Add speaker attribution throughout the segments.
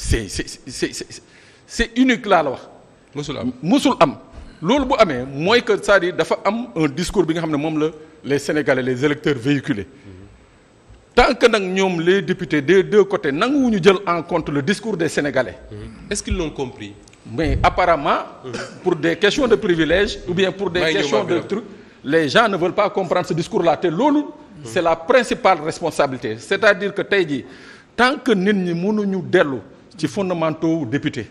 Speaker 1: c'est c'est c'est c'est unique laa la wax. mosul am mosul am. loolu bu amee mooy que cest dafa am un discours bi nga xam ne moom la les sénégalais les électeurs véhiculés tant que nag ñoom les députés des deux côtés ñu jël en compte le discours des sénégalais. Mm-hmm. est-ce qu'ils l'ont compris. mais apparemment. Mm-hmm. pour des questions de privilèges ou bien pour des questions de trucs les gens ne veulent pas comprendre ce discours-là te loolu. c'est la principale responsabilité c'est-à-dire que tey jii tant que nit ñi mënuñu dellu. ci fondamentaux député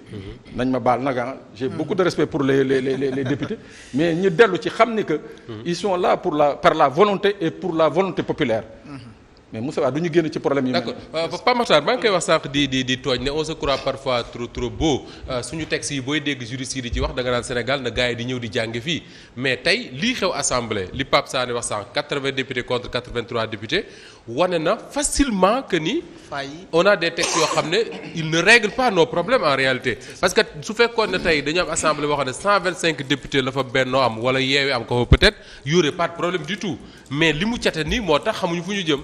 Speaker 1: nañ ma baal nag ah j'ai hmm. beaucoup de respect pour les les les les députés mais ñu dellu ci xam ni que hmm. ils sont là pour la par la volonté et pour la volonté populaire hmm. mais Moussa Wade du ñu génn ci problème yi. d'accord euh, Pape Makhtar maa ngi koy wax sànq di di di ne on se croit parfois trop trop beau euh, suñu texte yi booy dégg juriste yi di ci wax da nga naan Sénégal na gars di ñëw di jànge fii mais tey lii xew assemblée li Pape Sané wax sànq 80 députés contre 83 députés wane na facilement que ni. on a des textes yoo xam ne ils ne règlent pas nos problèmes en réalité. parce que su fekkoon ne tey dañu am assemblée boo xam ne la fa bennoo am wala yeewee am ko fa peut-être y moo tax
Speaker 2: xamuñu fu ñu jëm.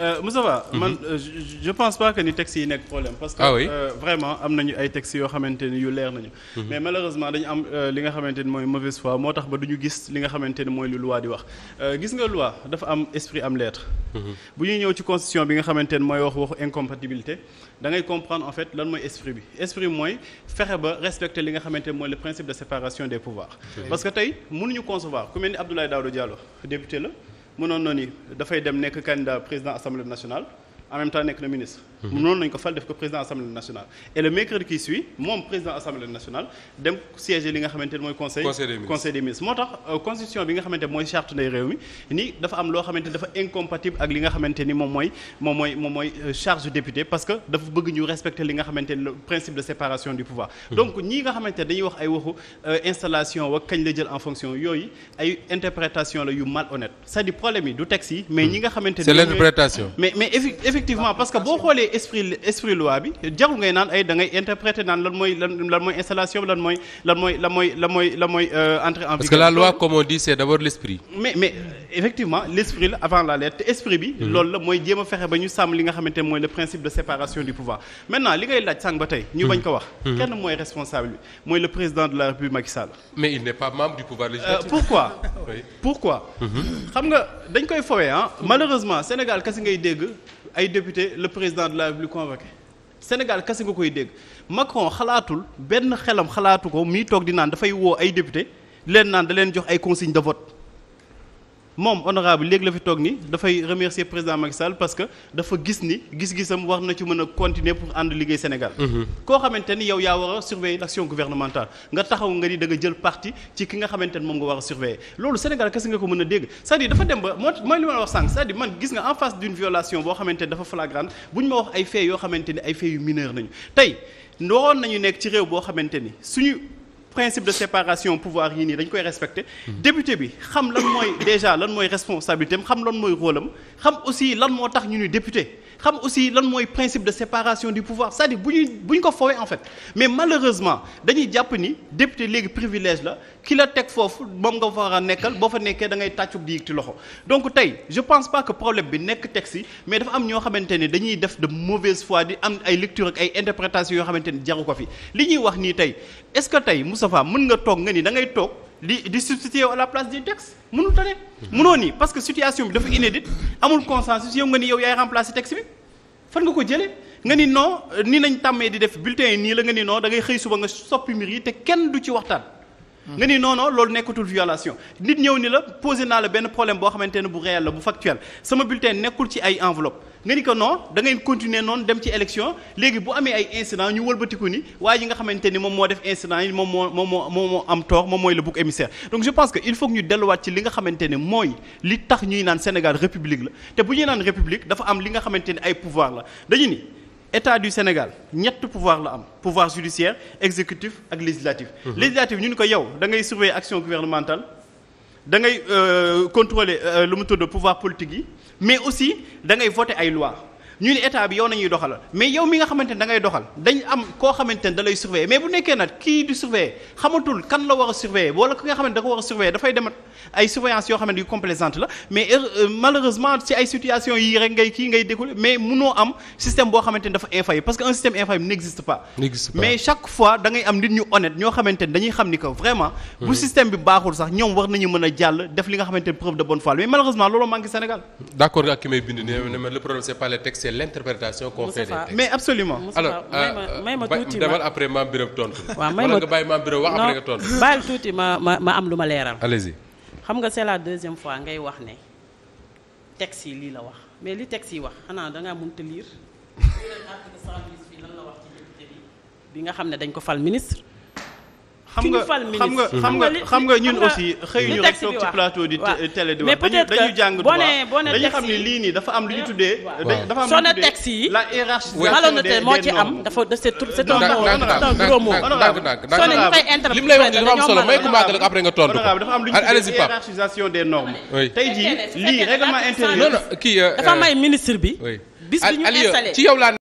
Speaker 2: Euh, Moustapha mhm. man euh, je pense pas que ni textes yi nekk problème parce que ah oui? euh, vraiment am nañu ay textes yoo xamante ni yu leer nañu mhm. mais malheureusement dañu am euh, li nga xamante mooy mauvaise foi moo tax ba du ñu gis li nga xamante ni mooy lu loi di wax gis nga loi dafa am esprit am lettre mhm. bu ñuy ñëw ci constitution bi nga xamante ni mooy wax waxu incompatibilité da comprendre en fait lan mooy esprit bi esprit mooy fexe ba respecter li nga xamante ni mooy le principe mënoon na ni dafay dem nekk candidat président assemblée nationale en même temps nekk na ministre. Mhm. noonu nañ ko fal def ko président assemblée nationale. et le mercredi qui suit moom président assemblée nationale dem siège li nga xamante ne mooy conseil. conseil des ministres conseil des ministres moo tax euh, constitution bi nga xamante ne mooy charte ndey réew mi ni dafa am loo xamante dafa incompatible ak li nga xamante ni moom mooy moom mooy moom mooy euh, charge député parce que dafa bëgg ñu respecter li nga xamante ni le principe de séparation du pouvoir. Mhm. donc ñi nga xamante ne dañuy wax ay waxu euh, installation wa kañ la jël en fonction yooyu ay interprétation la yu malhonnête c'est-à-dire problème yi du texte yi. mais ñi nga xamante ne c'est l'interprétation mais mais effectivement parce que boo xoolee esprit esprit loi bi jarul ngay naan ay da ngay naan lan mooy lan mooy installation lan mooy lan mooy euh, entrée en vigueur. parce que la loi
Speaker 1: comme on dit c'est d'abord l'esprit.
Speaker 2: mais mais effectivement l'esprit la avant la lettre te esprit bi. Mhm. loolu la mooy jéem a fexe ba ñu sàmm li nga xamante ne mooy le principe de séparation du pouvoir maintenant li ngay laaj sànq ba tey. ñu mhm. bañ ko wax. Mhm. kenn mooy responsable bi mooy la République ay député le président de la République convoqué Sénégal kese nga koy dégg Macron xalaatul benn xelam xalaatu ko mi toog di naan dafay woo ay député leen naan da leen jox ay consigne de vote moom honorable léegi la fi toog ni dafay remercier président Macky parce que dafa gis ni gis-gisam war na ci mën a continuer pour ànd liggéey Sénégal mhm. koo xamante ni yow yaa war a surveiller l'action gouvernementale nga taxaw nga ni da nga jël parti ci ki nga xamante ni moom nga war a surveiller loolu Sénégal kese nga ko mën a dégg c'est-à-dire dafa dem ba moo mooy li ma la wax sànq cest à man gis nga en face d'une violation boo xamante ni dafa flagrante bu ñu nekk ci réew boo xamante ni suñu principe de séparation pouvoir yii nii dañ koy respecter député bi xam lan mooy déjà lan mooy responsabilité xam lan mooy rôle xam aussi lan moo tax ñu ni député xam aussi lan mooy principe de séparation du pouvoir c'est-à-dire bu ñuy bu ñu ko foowee en fait mais malheureusement dañuy jàpp ni député léegi privilège la ki la teg foofu moom nga war a nekkal boo fa nekkee da ngay tàccub di yëkkati loxo donc tey je pense pas que problème bi nekk teg si mais dafa am ñoo xamante ne dañuy def de mauvaise fois di am ay lecture ak ay interprétation yoo xamante ne jaru ko fi li ñuy wax nii tey est-ce que tey Moustapha mën nga toog nga ni da toog di di substituer à la place des textes mënul tane mënoo nii parce que situation bi dafa inédite amul consensus yow nga ni yow yaay remplacer texte bi fan nga ko jëlee nga ni noo ni nañ tàmmee di def bulletin yi nii la nga ni non da ngay xëy suba nga soppi mbir yi te kenn du ci waxtaan Mm-hmm. nga ni non loolu nekkatul violation nit ñëw ni la posé naa la benn problème boo xamante ne bu réel la bu factuel sama bulletin nekkul ci ay enveloppe nga ni ko non da ngay continuer noonu dem ci élection léegi bu amee ay incident ñu wëlbatiku ni waaye yi nga xamante ni moom moo def incident yi moom moo moom moo moom moo am tort moom mooy le bouc émissaire donc je pense que il faut ñu delluwaat ci li nga xamante ne mooy li tax ñuy naan Sénégal république la te bu ñuy naan république dafa am li nga xamante ni ay pouvoir la dañu ni état du Sénégal ñett pouvoir la am pouvoir judiciaire exécutif ak législatif. Mhm. législatif ñu ni ko yow da ngay surveiller action gouvernementale da ngay euh, contrôler euh, lu mu tudd pouvoir politique yi mais aussi da ngay voter ay lois. ñu ne état bi yow nañuy doxalal mais yow mi nga xamante ne da ngay doxal dañ am koo xamante ne da mais bu nekkee nag kii di surveiller xamatul kan la war a surveiller a surveiller dafay demat ay surveillance yoo xamante yu complaisante la mais er, euh, malheureusement ci ay situation yii rek ngay kii ngay découlé mais munoo am système boo xamante ne dafa infaillible parce que un système infaillible n'existe pas mais chaque fois am nit ñu honnête ñoo xamante ne dañuy xam ni bu système bi baaxul sax ñoom war nañu mën a jàll def li nga xamante ne de bonne foi mais malheureusement loolu manqué Sénégal d'accord
Speaker 1: ak ki may bind ne le problème c'est pas les textes c'est l'interprétation qu'on fait des textes mais
Speaker 2: absolument alors may ma euh, tuuti ma demal après
Speaker 1: maam Birame tontu waaw may ma nga bàyyi maam Birame wax après nga tontu baal
Speaker 2: tuuti ma ma ma am lu ma leeral allez-y xam nga c'est la deuxième fois ngay wax ne texte yi lii la wax mais li texte yi wax xanaa dangaa mënta lire article 110 fii lan la wax ci député bi bi nga xam ne dañ ko fal ministre xam nga xam nga xam nga xam nga ñun aussi xëyuñu rek toog ci plateau di télé di wax xam ne lii nii dafa am lu ñu tuddee dafa am lu ñu tuddee la hiérarchie moo ci am dafa c'est c'est un gros mot li mu lay wax dafa am solo may ministre bi
Speaker 1: bis bi ñu installé